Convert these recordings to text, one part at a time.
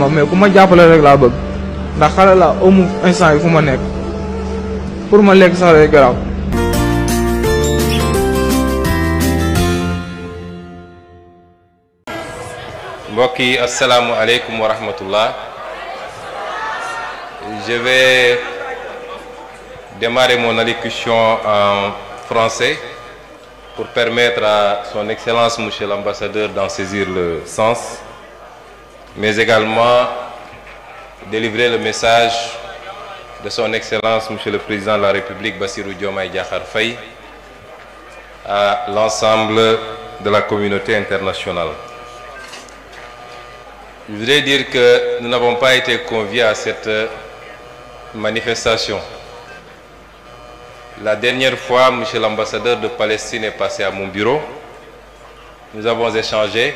ma mais ku ma jàppale rek laa bëgg ndax xale laa instant yi fu ma nekk pour ma lekk sax rek garaaw mbokk yi asalaamualeykum wa rahmatullah je vais démarrer mon allocution en français pour permettre à son excellence monsieur l'ambassadeur d'en saisir le sens mais également délivrer le message de son Excellence Monsieur le Président de la République Bassirou Diomaye Diakhar Faye à l'ensemble de la communauté internationale. Je voudrais dire que nous n'avons pas été conviés à cette euh, manifestation. La dernière fois, Monsieur l'ambassadeur de Palestine est passé à mon bureau. Nous avons échangé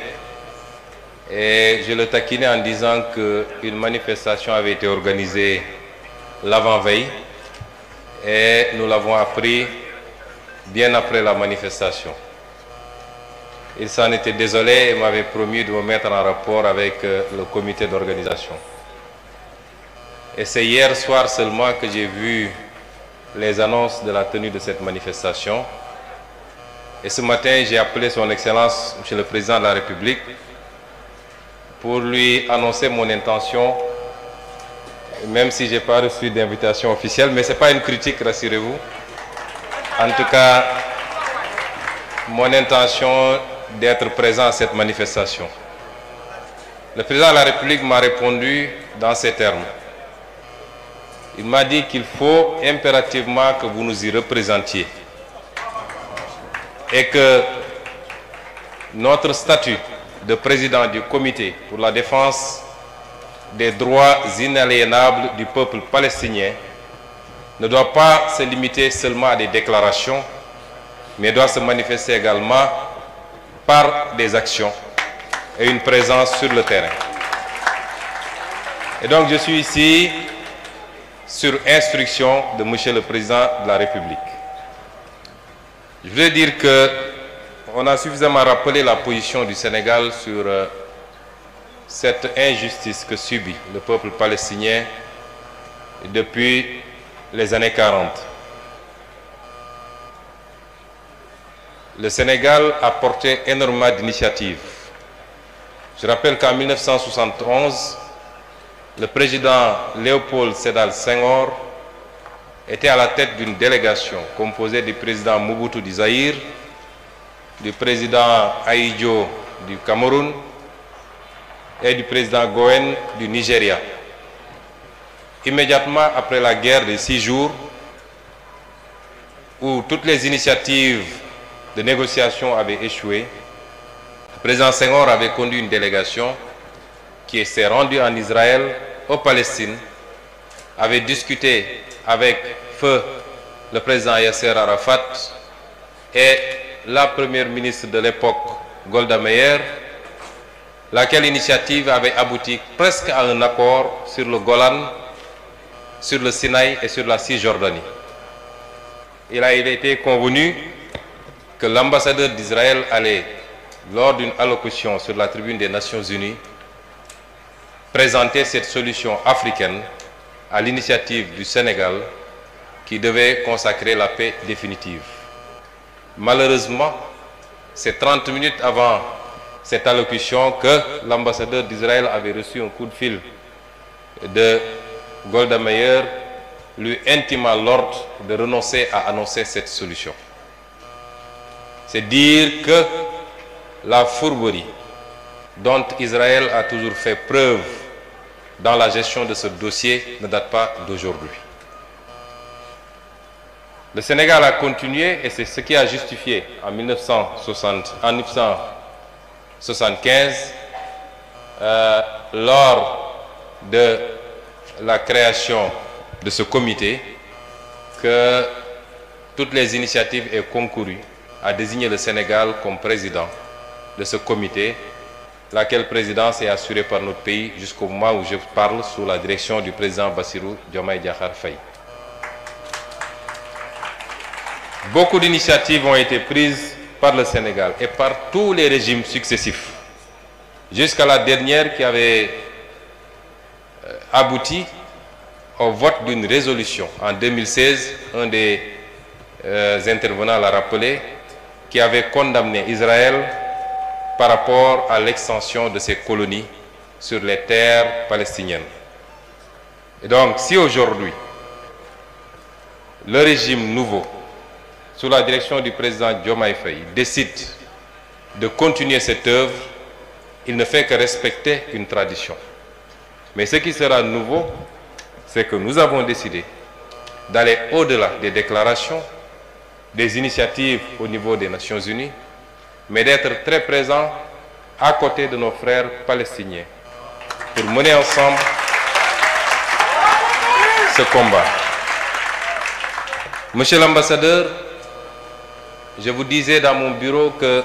Et je le taquinais en disant qu'une manifestation avait été organisée l'avant-veille et nous l'avons appris bien après la manifestation. Il s'en était désolé et m'avait promis de me mettre en rapport avec euh, le comité d'organisation. Et c'est hier soir seulement que j'ai vu les annonces de la tenue de cette manifestation. Et ce matin, j'ai appelé Son Excellence, Monsieur le Président de la République, pour lui annoncer mon intention, même si je n'ai pas reçu d'invitation officielle, mais ce n'est pas une critique, rassurez-vous. En tout cas, mon intention d'être présent à cette manifestation. Le président de la République m'a répondu dans ces termes. Il m'a dit qu'il faut impérativement que vous nous y représentiez et que notre statut de président du comité pour la défense des droits inaliénables du peuple palestinien ne doit pas se limiter seulement à des déclarations, mais doit se manifester également par des actions et une présence sur le terrain. Et donc je suis ici sur instruction de Monsieur le Président de la République. Je voudrais dire que on a suffisamment rappelé la position du Sénégal sur euh, cette injustice que subit le peuple palestinien depuis les années 40. Le Sénégal a porté énormément d'initiatives. Je rappelle qu'en 1971, le président Léopold Sédar Senghor était à la tête d'une délégation composée du président Mobutu Désir du président Aïdjo du Cameroun et du président Goen du Nigeria. Immédiatement après la guerre de jours, où toutes les initiatives de négociation avaient échoué, le président Senghor avait conduit une délégation qui s'est rendue en Israël, aux Palestine, avait discuté avec feu le président Yasser Arafat et la première ministre de l'époque, Golda Meir, laquelle initiative avait abouti presque à un accord sur le Golan, sur le Sinaï et sur la Cisjordanie. Il a été convenu que l'ambassadeur d'Israël allait, lors d'une allocution sur la tribune des Nations Unies, présenter cette solution africaine à l'initiative du Sénégal qui devait consacrer la paix définitive. Malheureusement, c'est trente minutes avant cette allocution que l'ambassadeur d'Israël avait reçu un coup de fil de Golda Meir lui intima l'ordre de renoncer à annoncer cette solution. C'est dire que la fourberie dont Israël a toujours fait preuve dans la gestion de ce dossier ne date pas d'aujourd'hui. Le Sénégal a continué et c'est ce qui a justifié en 1960, en 1975, euh, lors de la création de ce comité, que toutes les initiatives aient concouru à désigner le Sénégal comme président de ce comité, laquelle présidence est assurée par notre pays jusqu'au moment où je parle sous la direction du président Bassirou Diomaye Diakhar Faye. Beaucoup d'initiatives ont été prises par le Sénégal et par tous les régimes successifs, jusqu'à la dernière qui avait euh, abouti au vote d'une résolution en 2016, un des euh, intervenants l'a rappelé, qui avait condamné Israël par rapport à l'extension de ses colonies sur les terres palestiniennes. Et donc, si aujourd'hui, le régime nouveau sous la direction du président Diomaye Faye, décide de continuer cette œuvre, il ne fait que respecter une tradition. Mais ce qui sera nouveau, c'est que nous avons décidé d'aller au-delà des déclarations, des initiatives au niveau des Nations Unies, mais d'être très présents à côté de nos frères palestiniens pour mener ensemble ce combat. Monsieur l'ambassadeur, Je vous disais dans mon bureau que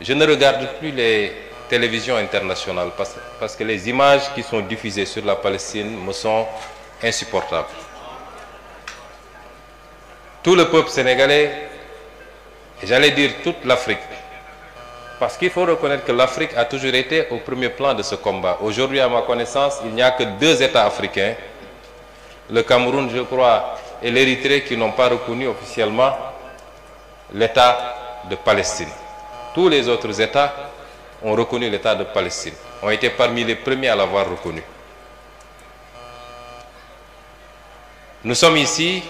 je ne regarde plus les télévisions internationales parce, parce que les images qui sont diffusées sur la Palestine me sont insupportables. Tout le peuple sénégalais, j'allais dire toute l'Afrique, parce qu'il faut reconnaître que l'Afrique a toujours été au premier plan de ce combat. Aujourd'hui, à ma connaissance, il n'y a que deux États africains, le Cameroun, je crois, et l'Érythrée, qui n'ont pas reconnu officiellement l'État de Palestine. Tous les autres États ont reconnu l'État de Palestine, ont été parmi les premiers à l'avoir reconnu. Nous sommes ici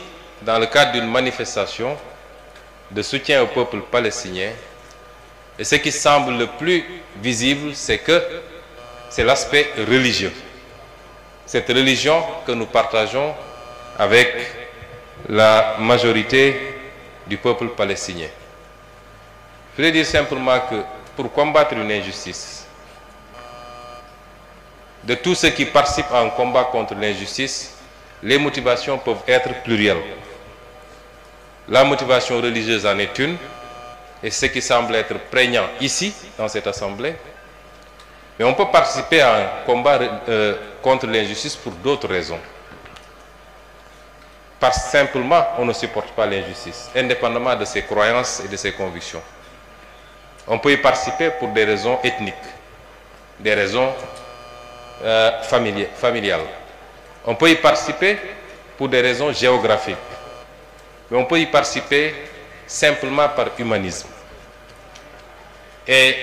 dans le cadre d'une manifestation de soutien au peuple palestinien et ce qui semble le plus visible, c'est que c'est l'aspect religieux. Cette religion que nous partageons avec la majorité du peuple palestinien. Je voulais dire simplement que pour combattre une injustice, de tout ce qui participent à un combat contre l'injustice, les motivations peuvent être plurielles. La motivation religieuse en est une, et ce qui semble être prégnant ici, dans cette assemblée. Mais on peut participer à un combat euh, contre l'injustice pour d'autres raisons. Parce simplement, on ne supporte pas l'injustice, indépendamment de ses croyances et de ses convictions. On peut y participer pour des raisons ethniques, des raisons euh, familiales. On peut y participer pour des raisons géographiques. Mais on peut y participer par humanisme. Et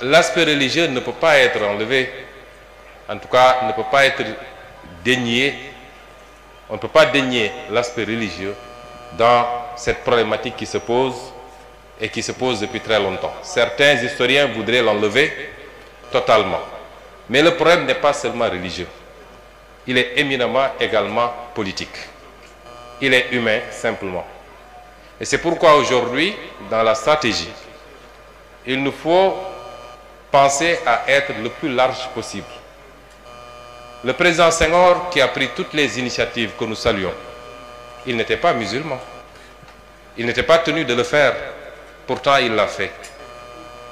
l'aspect religieux ne peut pas être enlevé, en tout cas ne peut pas être dénié on ne peut pas dénier l'aspect religieux dans cette problématique qui se pose et qui se pose depuis très longtemps. Certains historiens voudraient l'enlever totalement. Mais le problème n'est pas seulement religieux. Il est éminemment également politique. Il est humain simplement. Et c'est pourquoi aujourd'hui, dans la stratégie, il nous faut penser à être le plus large possible Le président Senghor, qui a pris toutes les initiatives que nous saluons, il n'était pas musulman. Il n'était pas tenu de le faire. Pourtant, il l'a fait.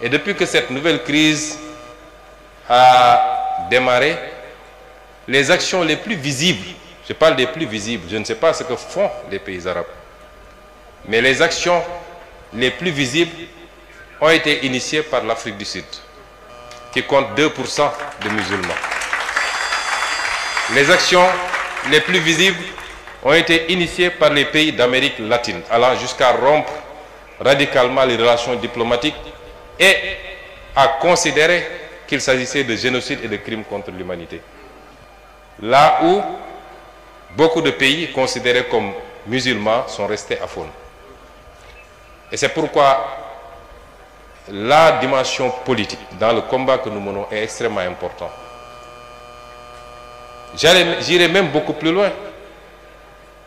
Et depuis que cette nouvelle crise a démarré, les actions les plus visibles, je parle des plus visibles, je ne sais pas ce que font les pays arabes, mais les actions les plus visibles ont été initiées par l'Afrique du Sud, qui compte 2% de musulmans. Les actions les plus visibles ont été initiées par les pays d'Amérique latine, allant jusqu'à rompre radicalement les relations diplomatiques et à considérer qu'il s'agissait de génocide et de crimes contre l'humanité. Là où beaucoup de pays considérés comme musulmans sont restés à faune. Et c'est pourquoi la dimension politique dans le combat que nous menons est extrêmement importante. J'irai même beaucoup plus loin,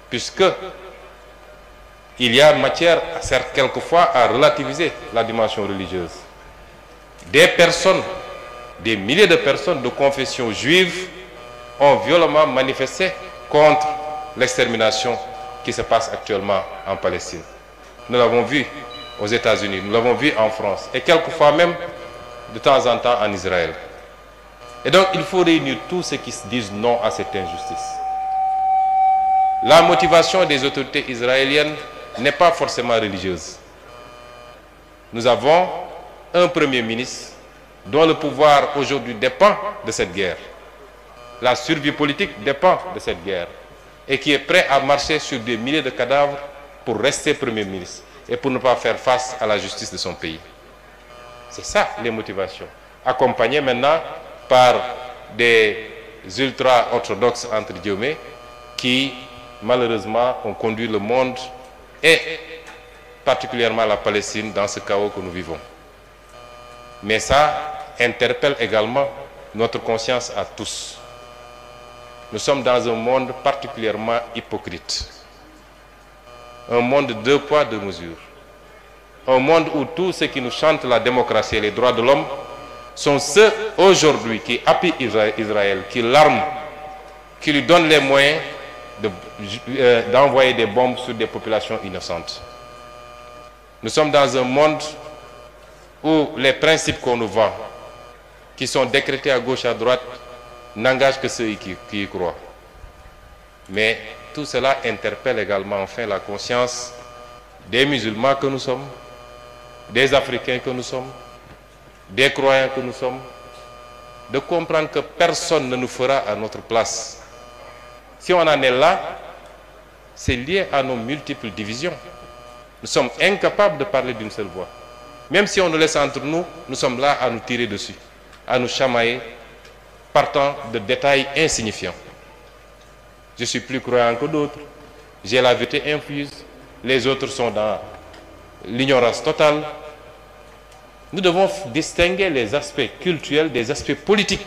puisque il y a matière, quelquefois, à relativiser la dimension religieuse. Des personnes, des milliers de personnes de confession juive ont violemment manifesté contre l'extermination qui se passe actuellement en Palestine. Nous l'avons vu aux États-Unis, nous l'avons vu en France, et quelquefois même de temps en temps en Israël. il faut réunir tous ceux qui se disent non à cette injustice. La motivation des autorités israéliennes n'est pas forcément religieuse. Nous avons un Premier ministre dont le pouvoir aujourd'hui dépend de cette guerre. La survie politique dépend de cette guerre et qui est prêt à marcher sur des milliers de cadavres pour rester Premier ministre et pour ne pas faire face à la justice de son pays. C'est ça les motivations. Accompagné maintenant par des ultra-orthodoxes, entre guillemets, qui malheureusement ont conduit le monde et particulièrement la Palestine dans ce chaos que nous vivons. Mais ça interpelle également notre conscience à tous. Nous sommes dans un monde particulièrement hypocrite. Un monde de deux poids, deux mesures. Un monde où tout ce qui nous chante la démocratie et les droits de l'homme sont ceux aujourd'hui qui appuient Israël, qui l'arment, qui lui donnent les moyens d'envoyer de, euh, des bombes sur des populations innocentes. Nous sommes dans un monde où les principes qu'on nous vend, qui sont décrétés à gauche, à droite, n'engagent que ceux qui, qui y croient. Mais tout cela interpelle également enfin la conscience des musulmans que nous sommes, des Africains que nous sommes, des croyants que nous sommes, de comprendre que personne ne nous fera à notre place. Si on en est là, c'est lié à nos multiples divisions. Nous sommes incapables de parler d'une seule voix. Même si on nous laisse entre nous, nous sommes là à nous tirer dessus, à nous chamailler, partant de détails insignifiants. Je suis plus croyant que d'autres, j'ai la vérité infuse, les autres sont dans l'ignorance totale, nous devons distinguer les aspects culturels des aspects politiques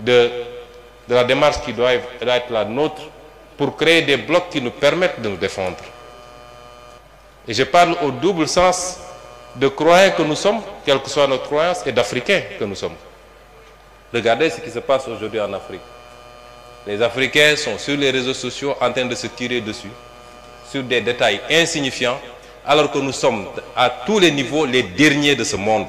de, de la démarche qui doit, doit être la nôtre pour créer des blocs qui nous permettent de nous défendre. Et je parle au double sens de croyants que nous sommes, quelle que soit notre croyance, et d'Africains que nous sommes. Regardez ce qui se passe aujourd'hui en Afrique. Les Africains sont sur les réseaux sociaux en train de se tirer dessus, sur des détails insignifiants alors que nous sommes à tous les niveaux les derniers de ce monde.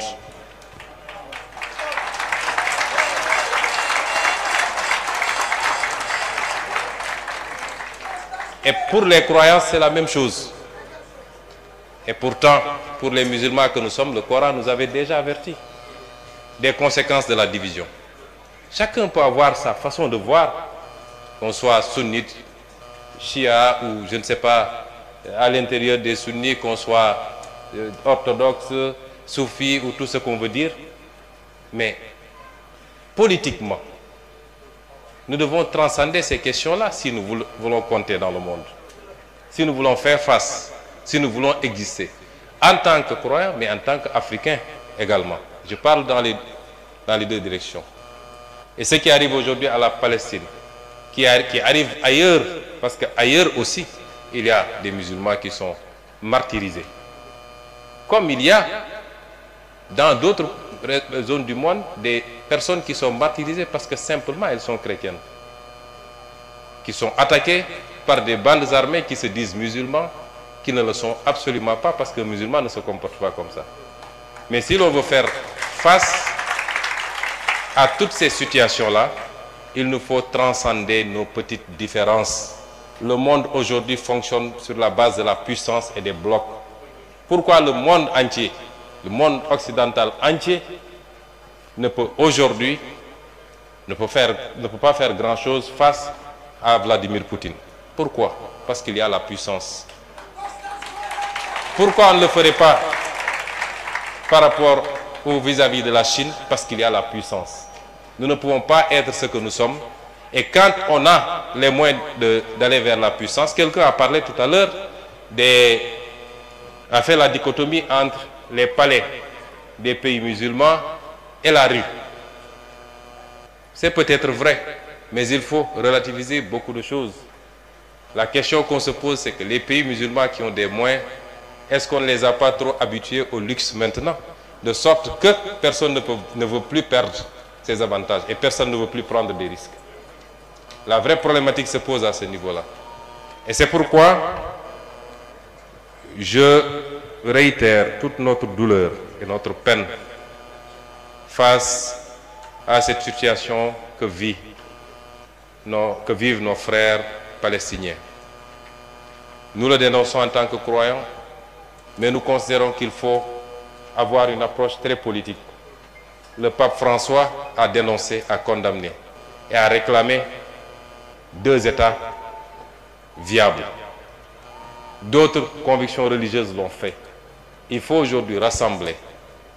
Et pour les croyants, c'est la même chose. Et pourtant, pour les musulmans que nous sommes, le Coran nous avait déjà avertis des conséquences de la division. Chacun peut avoir sa façon de voir, qu'on soit sunnite, chia ou je ne sais pas, à l'intérieur des sunnis, qu'on soit euh, orthodoxe, soufi ou tout ce qu'on veut dire. Mais politiquement, nous devons transcender ces questions-là si nous voulons compter dans le monde, si nous voulons faire face, si nous voulons exister, en tant que croyants, mais en tant qu'Africains également. Je parle dans les, dans les deux directions. Et ce qui arrive aujourd'hui à la Palestine, qui, qui arrive ailleurs, parce qu'ailleurs aussi, il y a des musulmans qui sont martyrisés. Comme il y a dans d'autres zones du monde des personnes qui sont martyrisées parce que simplement elles sont chrétiennes, qui sont attaquées par des bandes armées qui se disent musulmans, qui ne le sont absolument pas parce que le musulman ne se comporte pas comme ça. Mais si l'on veut faire face à toutes ces situations il nous faut transcender nos petites différences Le monde aujourd'hui fonctionne sur la base de la puissance et des blocs. Pourquoi le monde entier, le monde occidental entier, ne peut aujourd'hui, ne, peut faire, ne peut pas faire grand-chose face à Vladimir Poutine Pourquoi Parce qu'il y a la puissance. Pourquoi on ne le ferait pas par rapport ou vis à -vis de la Chine Parce qu'il y a la puissance. Nous ne pouvons pas être ce que nous sommes Et quand on a les moyens d'aller vers la puissance, quelqu'un a parlé tout à l'heure des a fait la dichotomie entre les palais des pays musulmans et la rue. C'est peut-être vrai, mais il faut relativiser beaucoup de choses. La question qu'on se pose, c'est que les pays musulmans qui ont des moins est-ce qu'on ne les a pas trop habitués au luxe maintenant De sorte que personne ne, peut, ne veut plus perdre ses avantages et personne ne veut plus prendre des risques. La vraie problématique se pose à ce niveau-là. Et c'est pourquoi je réitère toute notre douleur et notre peine face à cette situation que, vit nos, que vivent nos frères palestiniens. Nous le dénonçons en tant que croyants, mais nous considérons qu'il faut avoir une approche très politique. Le pape François a dénoncé, a condamné et a réclamé deux États viables. D'autres convictions religieuses l'ont fait. Il faut aujourd'hui rassembler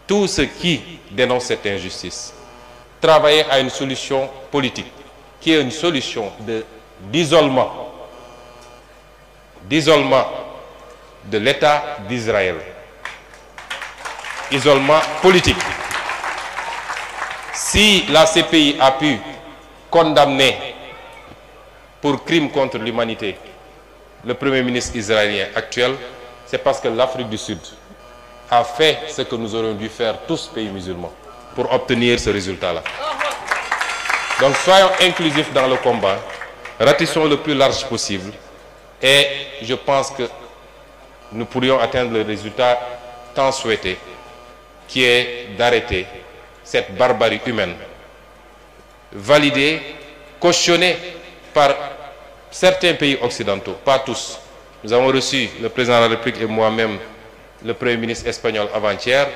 tous ceux qui dénoncent cette injustice, travailler à une solution politique, qui est une solution d'isolement de l'État d'Israël, isolement politique. Si la CPI a pu condamner pour crime contre l'humanité le premier ministre israélien actuel c'est parce que l'Afrique du Sud a fait ce que nous aurions dû faire tous pays musulmans pour obtenir ce résultat-là donc soyons inclusifs dans le combat ratissons le plus large possible et je pense que nous pourrions atteindre le résultat tant souhaité qui est d'arrêter cette barbarie humaine validée cautionnée par certains pays occidentaux, pas tous. Nous avons reçu le président de la République et moi-même le Premier ministre espagnol avant-hier.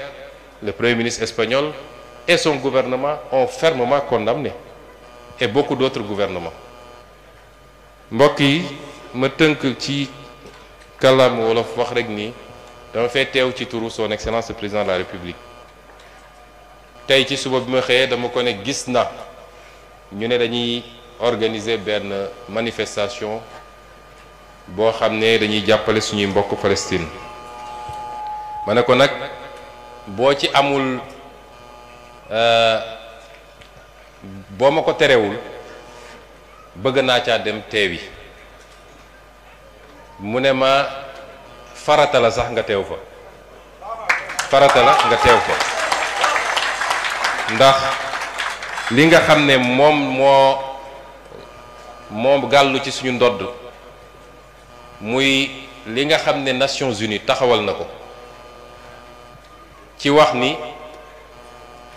Le Premier ministre espagnol et son gouvernement ont fermement condamné et bokk d'autres gouvernements. mbokk yi ma tënk ci kàllaama wolof wax rek nii dama fee teew ci turu son excellence le président de la république tey ci suba bi ma xëyee dama ko ne gis na ñu ne dañuy organiser benn manifestation boo xam ne dañuy jàppale suñuy mbokk Palestine ma ne ko nag boo ci amul euh, boo ma ko terewul bëgg naa caa dem teewi mu ne ma farata la sax nga teew fa farata la nga teew fa ndax li nga xam ne moom moo moo gàllu ci suñu ndodd muy li nga xam ne Nations Unies taxawal na ko ci wax ni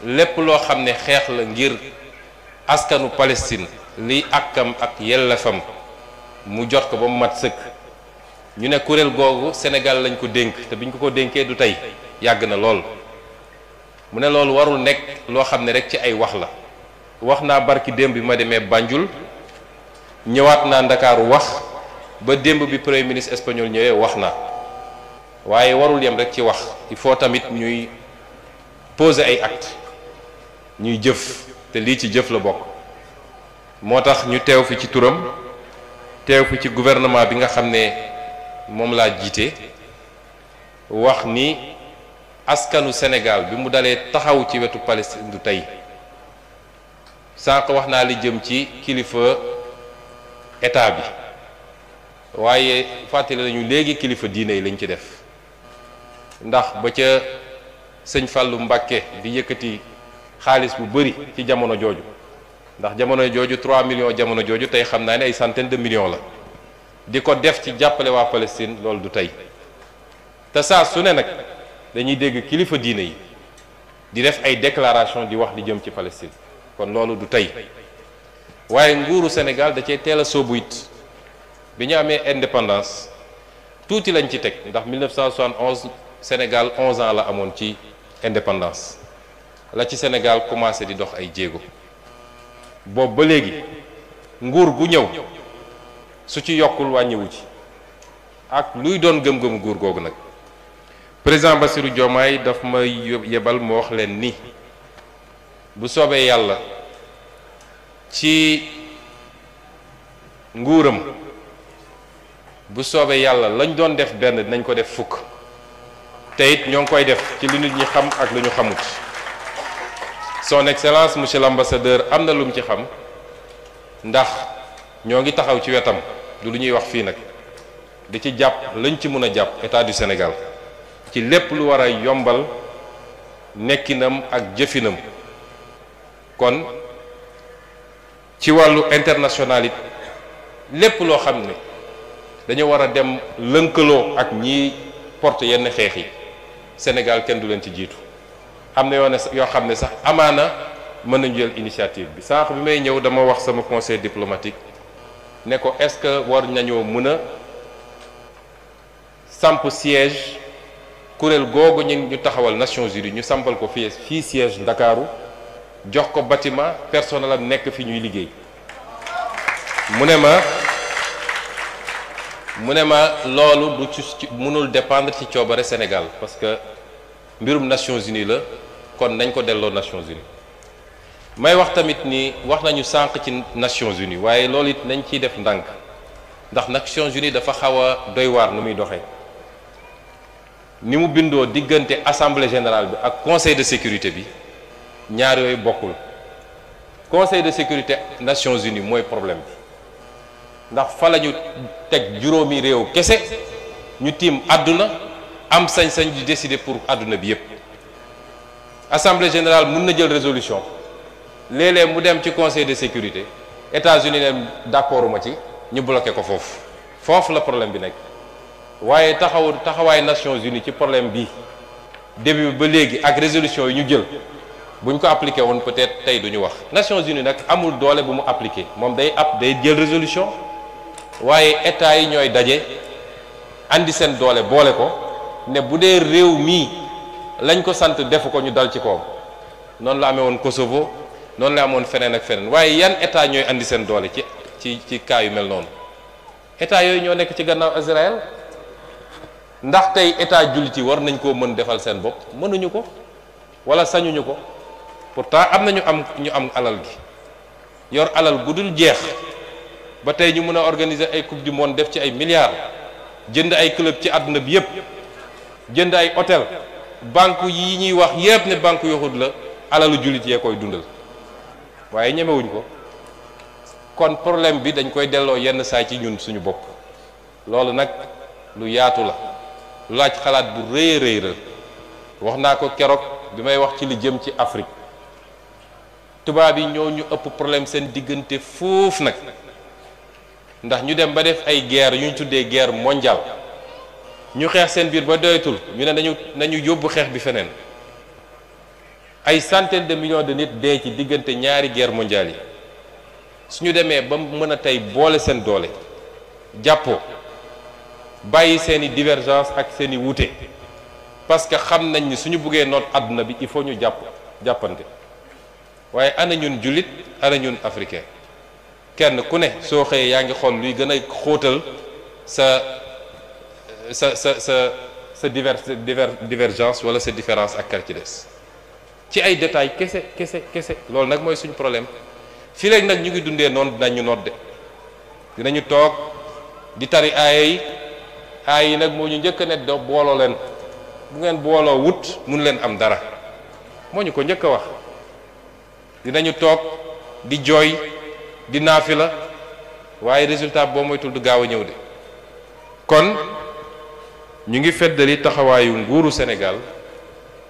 lépp loo xam ne xeex la ngir askanu Palestine liy àkkam ak yellefam mu jot ko ba mu mat sëkk ñu ne kuréel googu senegal lañ ko dénk te biñ ko ko dénkee du tey yàgg na lool mu ne loolu warul nekk loo xam ne rek ci ay wax la wax naa barki démb bi ma demee bànjul ñëwaat naa ndakaaru wax ba démb bi premier ministre espagnol ñëwee wax na waaye warul yem rek ci wax il faut tamit ñuy poser ay actes ñuy jëf te lii ci jëf la bokk moo tax ñu teew fi ci turam teew fi ci gouvernement bi nga xam ne moom laa jiite wax ni askanu senegal bi mu dalee taxaw ci wetu Palestine du tey sànq wax naa li jëm ci kilifa état bi waaye fàttali nañu léegi kilifa diine yi lañ ci def ndax ba ca sëñ Fàllu Mbàkke di yëkkati xaalis bu bëri ci jamono jooju ndax jamono jooju 3 millions jamono jooju tey xam naa ne ay centaine de millions la di ko def ci jàppale waa Palestine loolu du tey te saa su ne nag dañuy dégg kilifa diine yi di def ay déclaration di wax di jëm ci Palestine kon loolu du tey waaye nguuru Sénégal da cee teel a sóobu it bi ñu amee indépendance tuuti lañ ci teg ndax 1971 Sénégal 11 ans la amoon ci indépendance la ci Sénégal commencé di dox ay jéego boobu ba léegi nguur gu ñëw su ci yokkul wàññiwu ci ak luy doon gëm-gëmu nguur googu nag président Bassirou Diomaye daf ma yebal mu wax leen ni bu soobee yàlla. ci nguuram bu soobee yàlla lañ doon def benn dinañ ko def fukk te ñoo ngi koy def ci lu nit ñi xam ak lu ñu xamut son excellence monsieur l'ambassadeur am na lu mu ci xam ndax ñoo ngi taxaw ci wetam lu ñuy wax fii nag di ci jàpp lañ ci mën a jàpp état du Sénégal ci lépp lu war a yombal nekkinam ak jëfinam kon ci wàllu international it lépp loo xam ne dañu war a dem lënkaloo ak ñiy porte yenn xeex yi Sénégal kenn du leen ci jiitu am na yoo ne yoo xam ne sax amaana mën nañu jël initiative bi sànq bi may ñëw dama wax sama conseil diplomatique ne ko est-ce que war nañoo mën a samp siège kuréel googu ñu ñu taxawal Nations Unies ñu sampal ko fii fii siège Ndakaaru jox ko bâtiment personnel am nekk fi ñuy liggéey mu ne ma mu ne ma loolu du mënul dépendre ci coobare Sénégal parce que mbirum Nations Unies la kon nañ ko delloo Nations Unies may wax tamit ni wax nañu sànq ci Nations Unies waaye loolu it nañ ciy def ndànk ndax Nations Unies dafa xaw a doy waar nu muy doxee ni mu bindoo diggante assemblée général bi ak conseil de sécurité bi ñaar yooyu bokkul conseil de sécurité nations unies mooy problème bi ndax fa la teg juróomi réew kese ñu tiim àdduna am sañ-sañ di décider pour àdduna bi yépp assemblée générale mun na jël résolution léeg mu dem ci conseil de sécurité États-Unis ne d'accord ma ci ñu bloqué ko foofu foofu la problème bi nekk waaye taxaw taxawaay Nations Unies ci problème bi début ba léegi ak résolution yi ñu jël buñ ko appliqué woon peut-être tey duñu wax Nations Unies nag amul doole bu mu appliqué moom day ab day jël résolution waaye état yi ñooy daje indi seen doole boole ko ne bu dee réew mii lañ ko sant defu ko ñu dal ci kawam noonu la amee woon Kosovo noonu la amoon feneen ak feneen waaye yan état ñooy indi seen doole ci ci ci cas yu mel noonu état yooyu ñoo nekk ci gannaaw Israël ndax tey état jullit yi war nañ koo mën defal seen bopp mënuñu ko wala sañuñu ko temps am na ñu am ñu am alal gi yor alal bu dul jeex ba tey ñu mën a organiser ay coupe du monde def ci ay milliards jënd ay club ci àdduna bi yépp jënd ay hôtel banque yi ñuy wax yépp ne banque yoxut la alalu jullit yee koy dundal waaye ñemewuñ ko kon problème bi dañ koy delloo yenn saa ci ñun suñu bopp loolu nag lu yaatu la laaj xalaat bu rëy rëy la wax naa ko keroog bi may wax ci li jëm ci Afrique tubaab yi ñoo ñu ëpp problème seen diggante foofu nag ndax ñu dem ba def ay guerre yu ñu tuddee guerre mondiale ñu xeex seen biir ba doyatul ñu ne nañu nañu yóbbu xeex bi feneen ay centaines de millions de nit dee ci diggante ñaari guerre mondiale yi suñu demee ba mën a tey boole seen doole jàppoo bàyyi seeni divergence ak seeni wuute parce que xam nañ ni suñu buggee noot àdduna bi il faut ñu jàpp jàppante waaye ana ñun jullit ana ñun africain kenn ku ne soo xëyee yaa ngi xool luy gën a xóotal sa sa sa sa sa diver divergence wala sa différence ak kar ci des ci ay détails kese kese kese loolu nag mooy suñ problème fii léegi nag ñu ngi dundee noonu dinañu nodde dinañu toog di tari aaya yi aaya yi nag moo ñu njëkk a ne do booloo leen bu ngeen booloo wut mun leen am dara moo ñu ko njëkk wax dinañu toog di jooy di la waaye résultat boo moytul du gaaw a ñëw de kon ñu ngi feddali taxawaayu nguuru senegal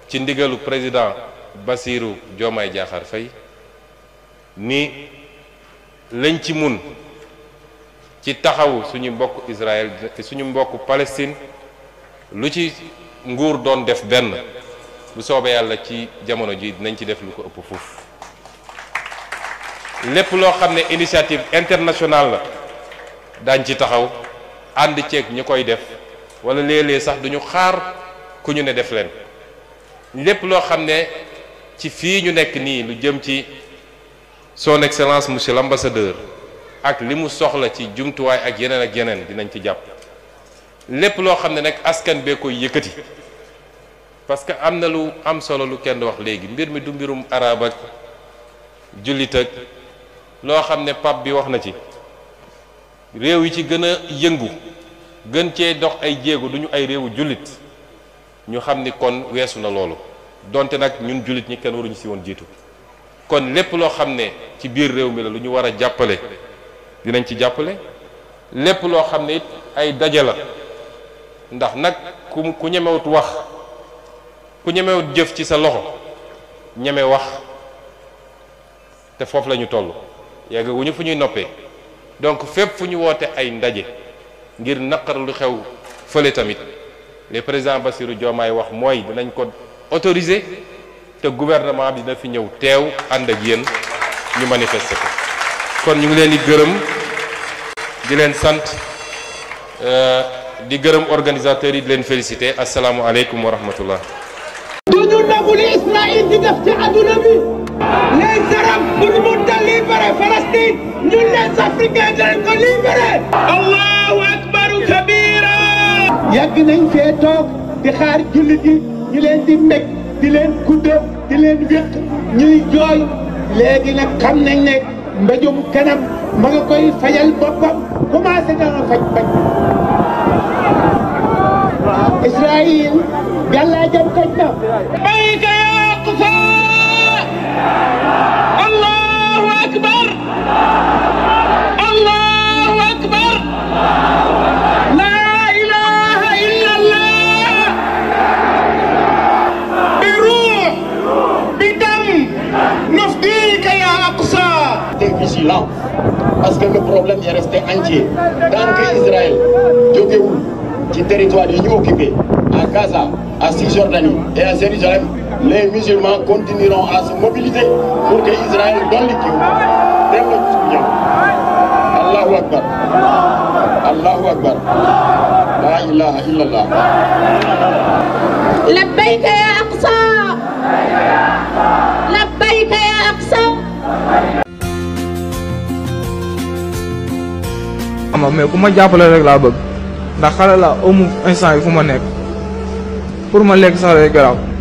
ci ndigalu président basiiru Diomaye Diakhar Faye ni lañ ci mun ci taxawu suñu mbokk Israël suñu mbokku Palestine lu ci nguur doon def benn bu soobee yàlla ci jamono ji dinañ ci def lu ko ëpp fuuf lépp loo xam ne initiative internationale la daañ ci taxaw ànd ceeg ñu koy def wala léeg-léeg sax duñu xaar ku ñu ne def leen lépp loo xam ne ci fii ñu nekk nii lu jëm ci son excellence monsieur l'ambassadeur ak li mu soxla ci jumtuwaay ak yeneen ak yeneen dinañ ci jàpp lépp loo xam ne nag askan bee koy yëkkati parce que am na lu am solo lu kenn wax léegi mbir mi du mbirum arab ak jullit ak loo xam ne pap bi wax na ci réew yi ci gën a yëngu gën cee dox ay jéego duñu ay réewu jullit ñu xam ni kon weesu na loolu donte nag ñun jullit ñi kenn waruñu si woon jiitu kon lépp loo xam ne ci biir réew mi la lu ñu war a jàppale dinañ ci jàppale lépp loo xam ne it ay daje la ndax nag ku ku ñemewut wax ku ñemewut jëf ci sa loxo ñeme wax te foofu lañu ñu toll yeggaguñu fu ñuy noppee donc fépp fu ñu woote ay ndaje ngir naqar lu xew fële tamit le président basiru joomaay wax mooy dinañ ko autoriser te gouvernement bi dina fi ñëw teew ànd ak yéen ñu manifester ko kon ñu ngi leen di gërëm di leen sant euh, di gërëm organisateurs yi di leen féliciter asalaamualeykum wa rahmatullah. du ñu nangu li Israël di def ci àdduna bi. Les Arabes pour le monde a libéré Palestine. Nous les Africains dinañ ko libéré. Allahu akbaru kabira. yàgg nañ fee toog di xaar jullit yi ñu leen di mbég di leen gudda di leen wéq ñuy jooy léegi nag xam ne mbéjum kanam ma nga koy fayal boppam commencé dana faj faj. Israël yàlla jëm kañ na. الله أكبر الله أكبر لا إله إلا الله بروح بدم نفديك يا أقصى vigilance parce que le problème est resté entier tant que Israël jógewul ci territoire yi ñu occupé à Gaza à Cisjordanie et à Jérusalem les musulmans continueront à se mobiliser pour que Israël donne le kiw dem na ci ñoom allahu akbar la ilaha illallah labbayka ya aqsa labbayka ya ma jàppale rek laa ndax xale la amu instant yi fu ma nekk pour ma lekk sax day garaaw